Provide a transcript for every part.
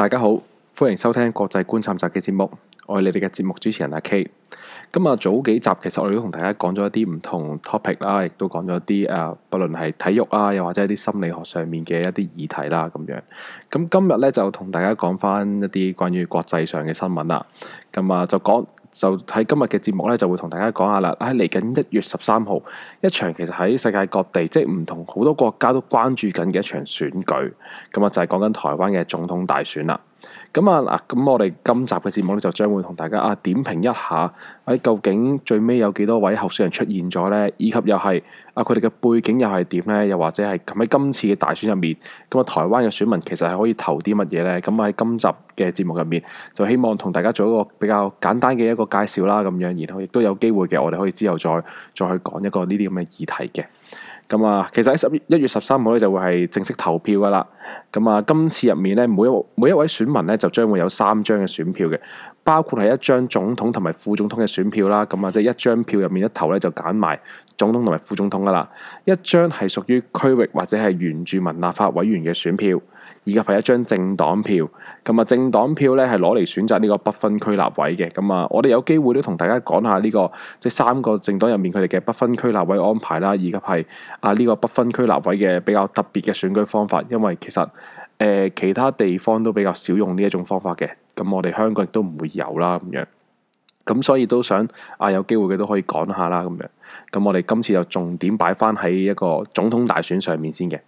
大家好，歡迎收聽國際觀察集嘅節目，我係你哋嘅節目主持人阿 K。今日早幾集其實我哋都同大家講咗一啲唔同 topic 啦，亦都講咗一啲誒，不論係體育啊，又或者係啲心理學上面嘅一啲議題啦，咁樣。咁今日呢就同大家講返一啲關於國際上嘅新聞啦。咁啊，就講。就喺今日嘅節目呢，就會同大家講下啦。喺嚟緊一月十三號，一場其實喺世界各地，即係唔同好多國家都關注緊嘅一場選舉，咁啊就係講緊台灣嘅總統大選啦。咁啊嗱，咁我哋今集嘅節目咧，就將會同大家啊點評一下，喺究竟最尾有幾多位候選人出現咗呢？以及又係啊佢哋嘅背景又係點呢？又或者係咁喺今次嘅大選入面，咁啊台灣嘅選民其實係可以投啲乜嘢呢？咁喺今集嘅節目入面，就希望同大家做一個比較簡單嘅一個介紹啦，咁樣，然後亦都有機會嘅，我哋可以之後再再去講一個呢啲咁嘅議題嘅。咁啊，其實喺十一月十三號咧，就會係正式投票噶啦。咁啊，今次入面呢，每一每一位選民呢，就將會有三張嘅選票嘅，包括係一張總統同埋副總統嘅選票啦。咁啊，即係一張票入面一頭咧，就揀埋總統同埋副總統噶啦。一張係屬於區域或者係原住民立法委員嘅選票，以及係一張政黨票。咁啊，政黨票咧係攞嚟選擇呢個不分區立委嘅。咁啊，我哋有機會都同大家講下呢、這個即係、就是、三個政黨入面佢哋嘅不分區立委安排啦，以及係啊呢個不分區立委嘅比較特別嘅選舉方法，因為其實。誒其他地方都比較少用呢一種方法嘅，咁我哋香港亦都唔會有啦，咁樣，咁所以都想啊有機會嘅都可以講下啦，咁樣，咁我哋今次就重點擺翻喺一個總統大選上面先嘅，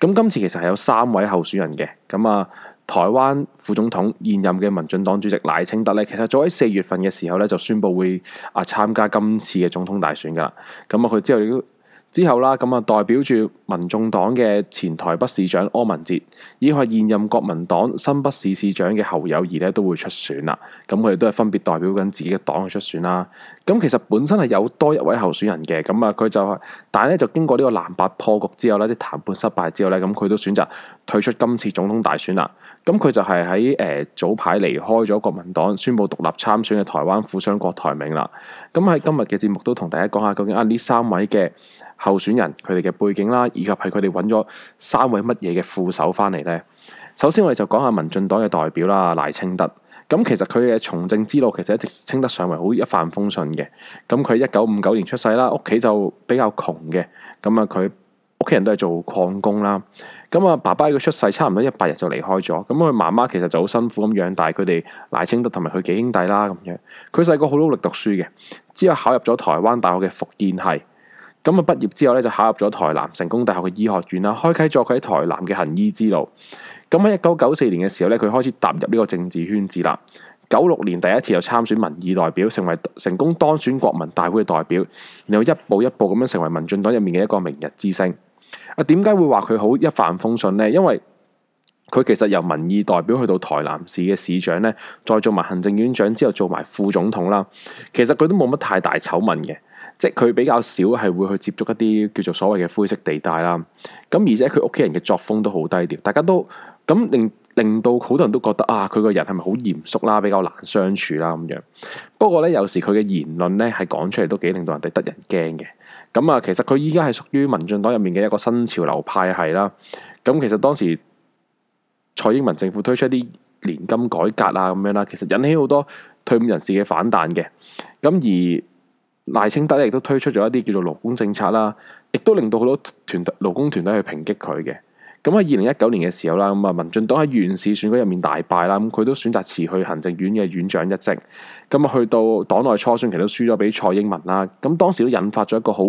咁今次其實係有三位候選人嘅，咁啊台灣副總統現任嘅民進黨主席賴清德咧，其實早喺四月份嘅時候咧就宣布會啊參加今次嘅總統大選噶啦，咁啊佢之後之後啦，咁啊代表住。民眾黨嘅前台北市長柯文哲，以及現任國民黨新北市市長嘅侯友宜咧，都會出選啦。咁佢哋都係分別代表緊自己嘅黨去出選啦。咁其實本身係有多一位候選人嘅，咁啊佢就但係咧就經過呢個藍白破局之後咧，即係談判失敗之後咧，咁佢都選擇退出今次總統大選啦。咁佢就係喺誒早排離開咗國民黨，宣布獨立參選嘅台灣富商郭台銘啦。咁喺今日嘅節目都同大家講下究竟啊呢三位嘅候選人佢哋嘅背景啦。以及係佢哋揾咗三位乜嘢嘅副手翻嚟呢？首先我哋就講下民進黨嘅代表啦，賴清德。咁其實佢嘅從政之路其實一直稱得上為好一帆風順嘅。咁佢一九五九年出世啦，屋企就比較窮嘅。咁啊佢屋企人都係做礦工啦。咁啊爸爸佢出世差唔多一百日就離開咗。咁佢媽媽其實就好辛苦咁養大佢哋賴清德同埋佢幾兄弟啦。咁樣佢細個好努力讀書嘅，之後考入咗台灣大學嘅復健系。咁啊！畢業之後咧，就考入咗台南成功大學嘅醫學院啦，開啟咗佢喺台南嘅行醫之路。咁喺一九九四年嘅時候咧，佢開始踏入呢個政治圈子啦。九六年第一次又參選民意代表，成為成功當選國民大會嘅代表，然後一步一步咁樣成為民進黨入面嘅一個明日之星。啊，點解會話佢好一帆風順呢？因為佢其實由民意代表去到台南市嘅市長咧，再做埋行政院長之後做埋副總統啦。其實佢都冇乜太大醜聞嘅。即係佢比較少係會去接觸一啲叫做所謂嘅灰色地帶啦，咁而且佢屋企人嘅作風都好低調，大家都咁令令到好多人都覺得啊，佢個人係咪好嚴肅啦，比較難相處啦咁樣。不過呢，有時佢嘅言論呢係講出嚟都幾令到人哋得人驚嘅。咁啊，其實佢依家係屬於民進黨入面嘅一個新潮流派系啦。咁其實當時蔡英文政府推出一啲年金改革啊咁樣啦，其實引起好多退伍人士嘅反彈嘅。咁而賴清德亦都推出咗一啲叫做勞工政策啦，亦都令到好多團隊勞工團體去抨擊佢嘅。咁喺二零一九年嘅時候啦，咁啊民進黨喺縣市選舉入面大敗啦，咁佢都選擇辭去行政院嘅院長一職。咁啊，去到黨內初選期都輸咗俾蔡英文啦。咁當時都引發咗一個好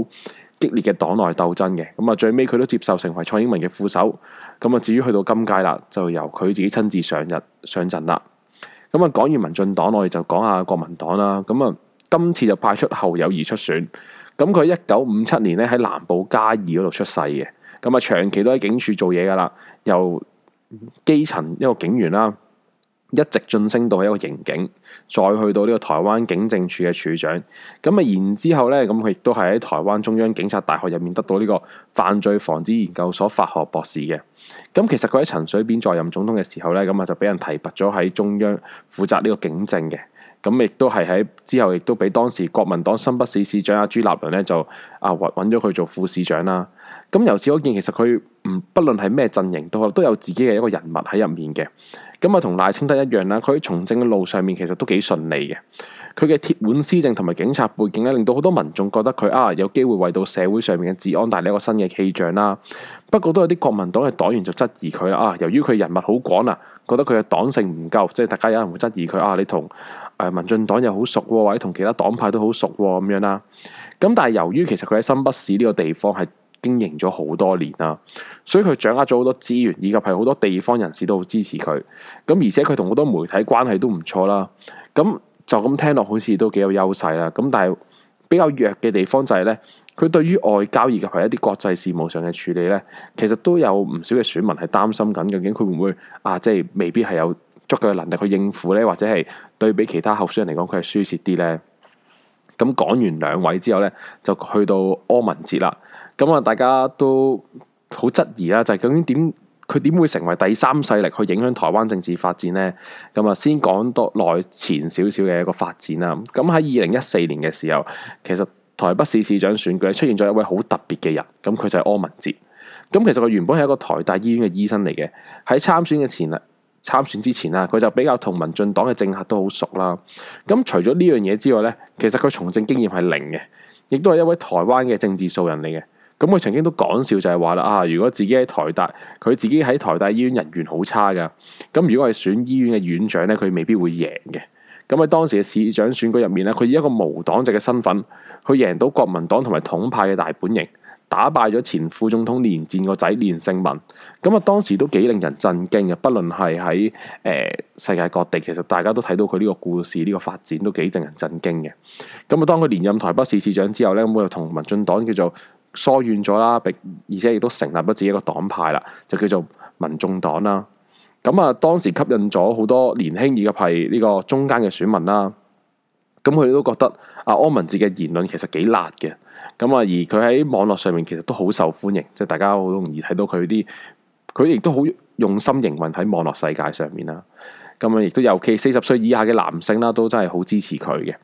激烈嘅黨內鬥爭嘅。咁啊，最尾佢都接受成為蔡英文嘅副手。咁啊，至於去到今屆啦，就由佢自己親自上任上陣啦。咁啊，講完民進黨，我哋就講下國民黨啦。咁啊。今次就派出侯友宜出選，咁佢一九五七年咧喺南部嘉義嗰度出世嘅，咁啊長期都喺警署做嘢噶啦，由基層一個警員啦，一直晉升到一個刑警，再去到呢個台灣警政署嘅處長，咁啊然之後咧，咁佢亦都係喺台灣中央警察大學入面得到呢個犯罪防治研究所法學博士嘅，咁其實佢喺陳水扁在任總統嘅時候呢，咁啊就俾人提拔咗喺中央負責呢個警政嘅。咁亦都係喺之後，亦都俾當時國民黨新北市市長阿朱立倫咧，就啊揾咗佢做副市長啦。咁由此可見，其實佢唔，不論係咩陣營都都有自己嘅一個人物喺入面嘅。咁啊，同賴清德一樣啦。佢喺從政嘅路上面其實都幾順利嘅。佢嘅鐵腕施政同埋警察背景咧，令到好多民眾覺得佢啊有機會為到社會上面嘅治安帶嚟一個新嘅氣象啦。不過都有啲國民黨嘅黨員就質疑佢啦。啊，由於佢人物好廣啊，覺得佢嘅黨性唔夠，即係大家有人會質疑佢啊。你同，誒民進黨又好熟，或者同其他黨派都好熟咁樣啦。咁但係由於其實佢喺新北市呢個地方係經營咗好多年啦，所以佢掌握咗好多資源，以及係好多地方人士都好支持佢。咁而且佢同好多媒體關係都唔錯啦。咁就咁聽落好似都幾有優勢啦。咁但係比較弱嘅地方就係呢，佢對於外交以及係一啲國際事務上嘅處理呢，其實都有唔少嘅選民係擔心緊，究竟佢會唔會啊？即係未必係有。足佢嘅能力去應付呢，或者係對比其他候選人嚟講，佢係輸蝕啲呢。咁、嗯、講完兩位之後呢，就去到柯文哲啦。咁、嗯、啊，大家都好質疑啦，就係、是、究竟點佢點會成為第三勢力去影響台灣政治發展呢？咁、嗯、啊，先講多耐前少少嘅一個發展啦。咁喺二零一四年嘅時候，其實台北市市長選舉出現咗一位好特別嘅人，咁、嗯、佢就係柯文哲。咁、嗯、其實佢原本係一個台大醫院嘅醫生嚟嘅，喺參選嘅前日。參選之前啊，佢就比較同民進黨嘅政客都好熟啦。咁除咗呢樣嘢之外呢，其實佢從政經驗係零嘅，亦都係一位台灣嘅政治素人嚟嘅。咁佢曾經都講笑就係話啦啊，如果自己喺台大，佢自己喺台大醫院人緣好差㗎。咁如果係選醫院嘅院長呢，佢未必會贏嘅。咁喺當時嘅市長選舉入面咧，佢以一個無黨籍嘅身份，佢贏到國民黨同埋統派嘅大本營。打敗咗前副總統連戰個仔連勝文，咁啊當時都幾令人震驚嘅，不論係喺誒世界各地，其實大家都睇到佢呢個故事呢個發展都幾令人震驚嘅。咁啊，當佢連任台北市市長之後呢，咁佢又同民進黨叫做疏遠咗啦，並而且亦都成立咗自己一個黨派啦，就叫做民眾黨啦。咁啊，當時吸引咗好多年輕以及係呢個中間嘅選民啦。咁佢哋都覺得阿柯文哲嘅言論其實幾辣嘅，咁啊而佢喺網絡上面其實都好受歡迎，即係大家好容易睇到佢啲，佢亦都好用心營運喺網絡世界上面啦。咁啊，亦都尤其四十歲以下嘅男性啦，都真係好支持佢嘅。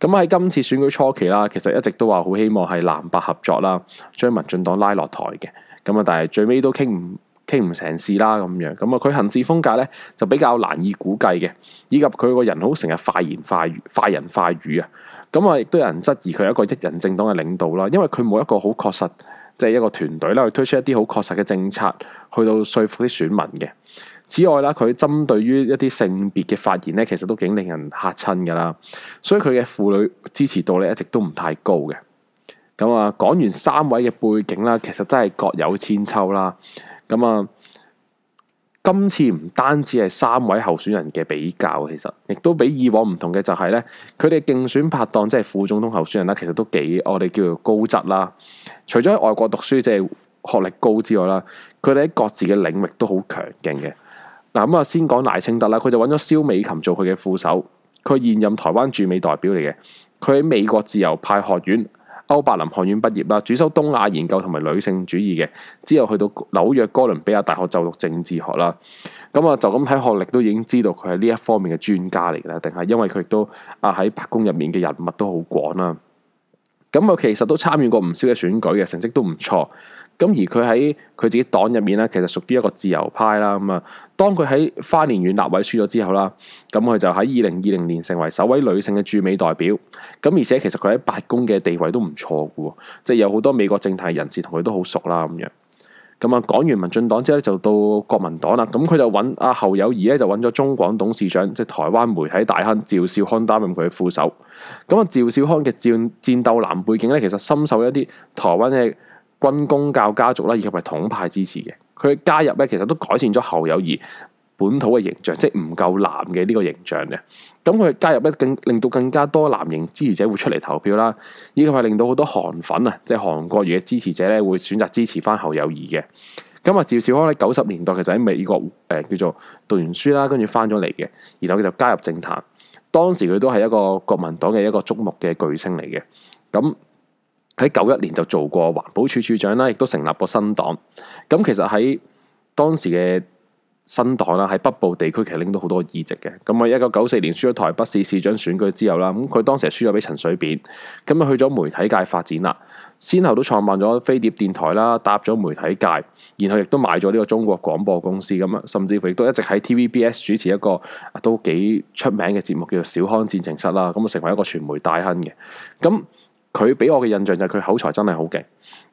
咁喺今次選舉初期啦，其實一直都話好希望係藍白合作啦，將民進黨拉落台嘅。咁啊，但係最尾都傾唔傾唔成事啦，咁樣咁啊，佢行事風格咧就比較難以估計嘅，以及佢個人好成日快言快語、快人快語啊。咁啊，亦都有人質疑佢係一個一人政黨嘅領導啦，因為佢冇一個好確實即係一個團隊啦，去推出一啲好確實嘅政策去到說服啲選民嘅。此外啦，佢針對於一啲性別嘅發言咧，其實都幾令人嚇親噶啦。所以佢嘅婦女支持度咧一直都唔太高嘅。咁啊，講完三位嘅背景啦，其實真係各有千秋啦。咁啊，今次唔單止係三位候選人嘅比較，其實亦都比以往唔同嘅就係呢，佢哋競選拍檔即係副總統候選人啦，其實都幾我哋叫做高質啦。除咗喺外國讀書即係學歷高之外啦，佢哋喺各自嘅領域都好強勁嘅。嗱，咁啊，先講賴清德啦，佢就揾咗蕭美琴做佢嘅副手，佢現任台灣駐美代表嚟嘅，佢喺美國自由派學院歐柏林學院畢業啦，主修東亞研究同埋女性主義嘅，之後去到紐約哥倫比亞大學就讀政治學啦。咁啊，就咁睇學歷都已經知道佢係呢一方面嘅專家嚟嘅。定係因為佢都啊喺白宮入面嘅人物都好廣啦。咁啊，其實都參與過唔少嘅選舉嘅，成績都唔錯。咁而佢喺佢自己黨入面咧，其實屬於一個自由派啦。咁啊，當佢喺花蓮縣立委輸咗之後啦，咁佢就喺二零二零年成為首位女性嘅駐美代表。咁而且其實佢喺白宮嘅地位都唔錯嘅喎，即係有好多美國政壇人士同佢都好熟啦咁樣。咁啊，講完民進黨之後咧，就到國民黨啦。咁佢就揾阿侯友宜咧，就揾咗中廣董事長，即係台灣媒體大亨趙少康擔任佢嘅副手。咁啊，趙少康嘅戰戰鬥藍背景咧，其實深受一啲台灣嘅。軍公教家族啦，以及系統派支持嘅，佢加入咧，其實都改善咗侯友宜本土嘅形象，即係唔夠藍嘅呢個形象嘅。咁佢加入咧，更令到更加多藍營支持者會出嚟投票啦，以及係令到好多韓粉啊，即係韓國瑜嘅支持者咧，會選擇支持翻侯友宜嘅。咁啊，趙少康喺九十年代其實喺美國誒、呃，叫做讀完書啦，跟住翻咗嚟嘅，然後佢就加入政壇，當時佢都係一個國民黨嘅一個矚目嘅巨星嚟嘅，咁。喺九一年就做過環保署署長啦，亦都成立過新黨。咁其實喺當時嘅新黨啦，喺北部地區其實拎到好多議席嘅。咁啊，一九九四年輸咗台北市市長選舉之後啦，咁佢當時係輸咗俾陳水扁。咁啊，去咗媒體界發展啦，先後都創辦咗飛碟電台啦，踏入咗媒體界，然後亦都買咗呢個中國廣播公司咁啊，甚至乎亦都一直喺 TVBS 主持一個都幾出名嘅節目，叫做《小康戰情室》啦。咁啊，成為一個傳媒大亨嘅咁。佢俾我嘅印象就係佢口才真係好勁，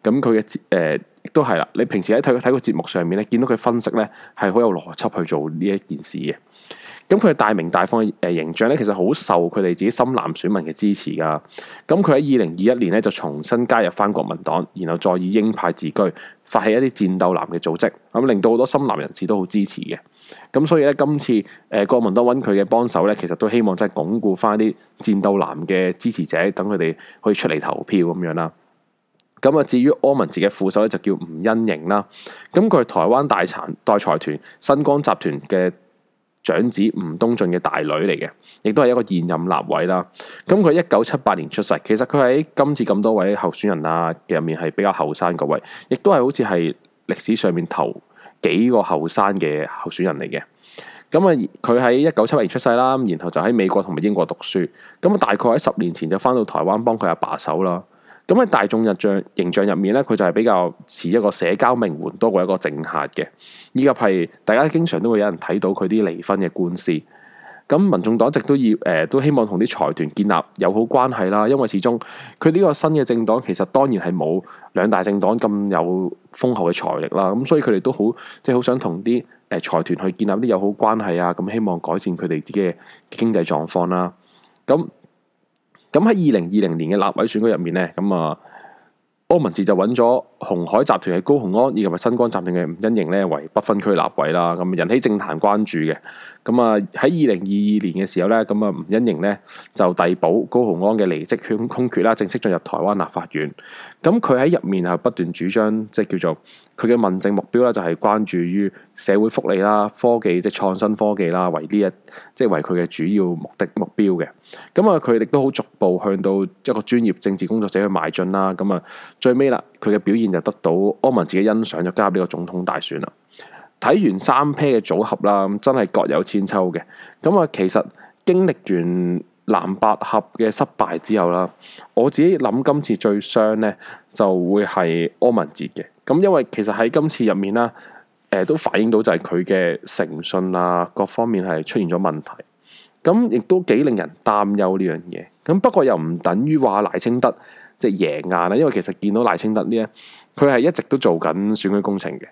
咁佢嘅誒都係啦。你平時喺睇睇個節目上面咧，見到佢分析咧係好有邏輯去做呢一件事嘅。咁佢大鳴大放嘅誒形象咧，其實好受佢哋自己深藍選民嘅支持噶。咁佢喺二零二一年咧就重新加入返國民黨，然後再以鷹派自居，發起一啲戰鬥藍嘅組織，咁令到好多深藍人士都好支持嘅。咁所以咧，今次誒、呃、郭文德揾佢嘅幫手咧，其實都希望真係鞏固翻啲戰鬥男嘅支持者，等佢哋可以出嚟投票咁樣啦。咁啊，至於柯文哲嘅副手咧，就叫吳欣盈啦。咁佢係台灣大財大財團新光集團嘅長子吳東進嘅大女嚟嘅，亦都係一個現任立委啦。咁佢一九七八年出世，其實佢喺今次咁多位候選人啊入面係比較後生個位，亦都係好似係歷史上面投幾個後生嘅候選人嚟嘅，咁啊佢喺一九七八年出世啦，然後就喺美國同埋英國讀書，咁啊大概喺十年前就返到台灣幫佢阿爸手啦。咁喺大眾印象形象入面咧，佢就係比較似一個社交名媛多過一個政客嘅，以及係大家經常都會有人睇到佢啲離婚嘅官司。咁民眾黨亦都要誒、呃，都希望同啲財團建立友好關係啦，因為始終佢呢個新嘅政黨其實當然係冇兩大政黨咁有豐厚嘅財力啦，咁所以佢哋都好即係好想同啲誒財團去建立啲友好關係啊，咁希望改善佢哋自己經濟狀況啦。咁咁喺二零二零年嘅立委選舉入面呢，咁啊柯文哲就揾咗鴻海集團嘅高虹安以及係新光集團嘅吳欣盈咧為不分區立委啦，咁引起政壇關注嘅。咁啊，喺二零二二年嘅時候咧，咁啊吳欣盈咧就遞補高虹安嘅離職空空缺啦，正式進入台灣立法院。咁佢喺入面係不斷主張，即、就、係、是、叫做佢嘅問政目標咧，就係關注於社會福利啦、科技即係、就是、創新科技啦，為呢一即係、就是、為佢嘅主要目的目標嘅。咁啊，佢亦都好逐步向到一個專業政治工作者去邁進啦。咁啊，最尾啦，佢嘅表現就得到柯文哲欣賞，就加入呢個總統大選啦。睇完三對嘅組合啦，真係各有千秋嘅。咁啊，其實經歷完藍白合嘅失敗之後啦，我自己諗今次最傷呢就會係柯文哲嘅。咁因為其實喺今次入面啦，誒都反映到就係佢嘅誠信啊各方面係出現咗問題。咁亦都幾令人擔憂呢樣嘢。咁不過又唔等於話賴清德即係贏硬啦，因為其實見到賴清德呢一佢係一直都做緊選舉工程嘅。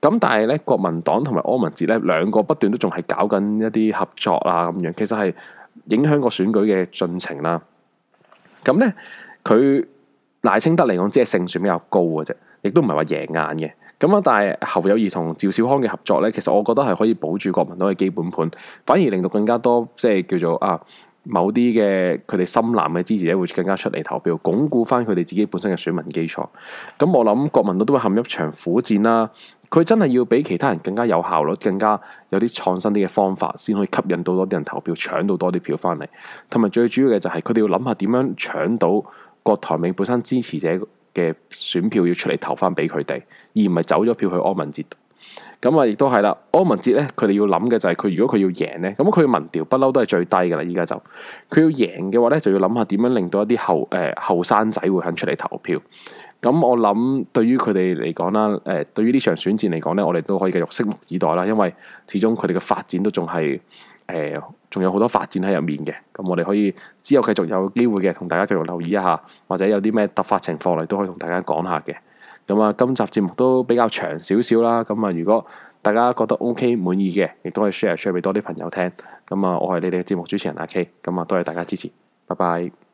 咁但係咧，國民黨同埋柯文哲咧，兩個不斷都仲係搞緊一啲合作啊，咁樣其實係影響個選舉嘅進程啦。咁咧，佢賴清德嚟講只係勝算比較高嘅啫，亦都唔係話贏硬嘅。咁啊，但係侯友宜同趙少康嘅合作咧，其實我覺得係可以保住國民黨嘅基本盤，反而令到更加多即係、就是、叫做啊。某啲嘅佢哋深藍嘅支持者會更加出嚟投票，鞏固翻佢哋自己本身嘅選民基礎。咁我諗國民黨都會陷入一場苦戰啦。佢真係要比其他人更加有效率，更加有啲創新啲嘅方法，先可以吸引到多啲人投票，搶到多啲票翻嚟。同埋最主要嘅就係，佢哋要諗下點樣搶到郭台銘本身支持者嘅選票，要出嚟投翻俾佢哋，而唔係走咗票去柯文哲。咁啊，亦都係啦。柯文哲咧，佢哋要諗嘅就係佢如果佢要贏咧，咁佢嘅民調不嬲都係最低噶啦。依家就佢要贏嘅話咧，就要諗下點樣令到一啲後誒後生仔會肯出嚟投票。咁我諗對於佢哋嚟講啦，誒、呃，對於呢場選戰嚟講咧，我哋都可以繼續拭目以待啦。因為始終佢哋嘅發展都仲係誒，仲、呃、有好多發展喺入面嘅。咁我哋可以之後繼續有機會嘅，同大家繼續留意一下，或者有啲咩突發情況嚟，都可以同大家講下嘅。咁啊，今集節目都比較長少少啦。咁啊，如果大家覺得 OK 滿意嘅，亦都可以 sh share share 俾多啲朋友聽。咁啊，我係你哋嘅節目主持人阿 K。咁啊，多謝大家支持，拜拜。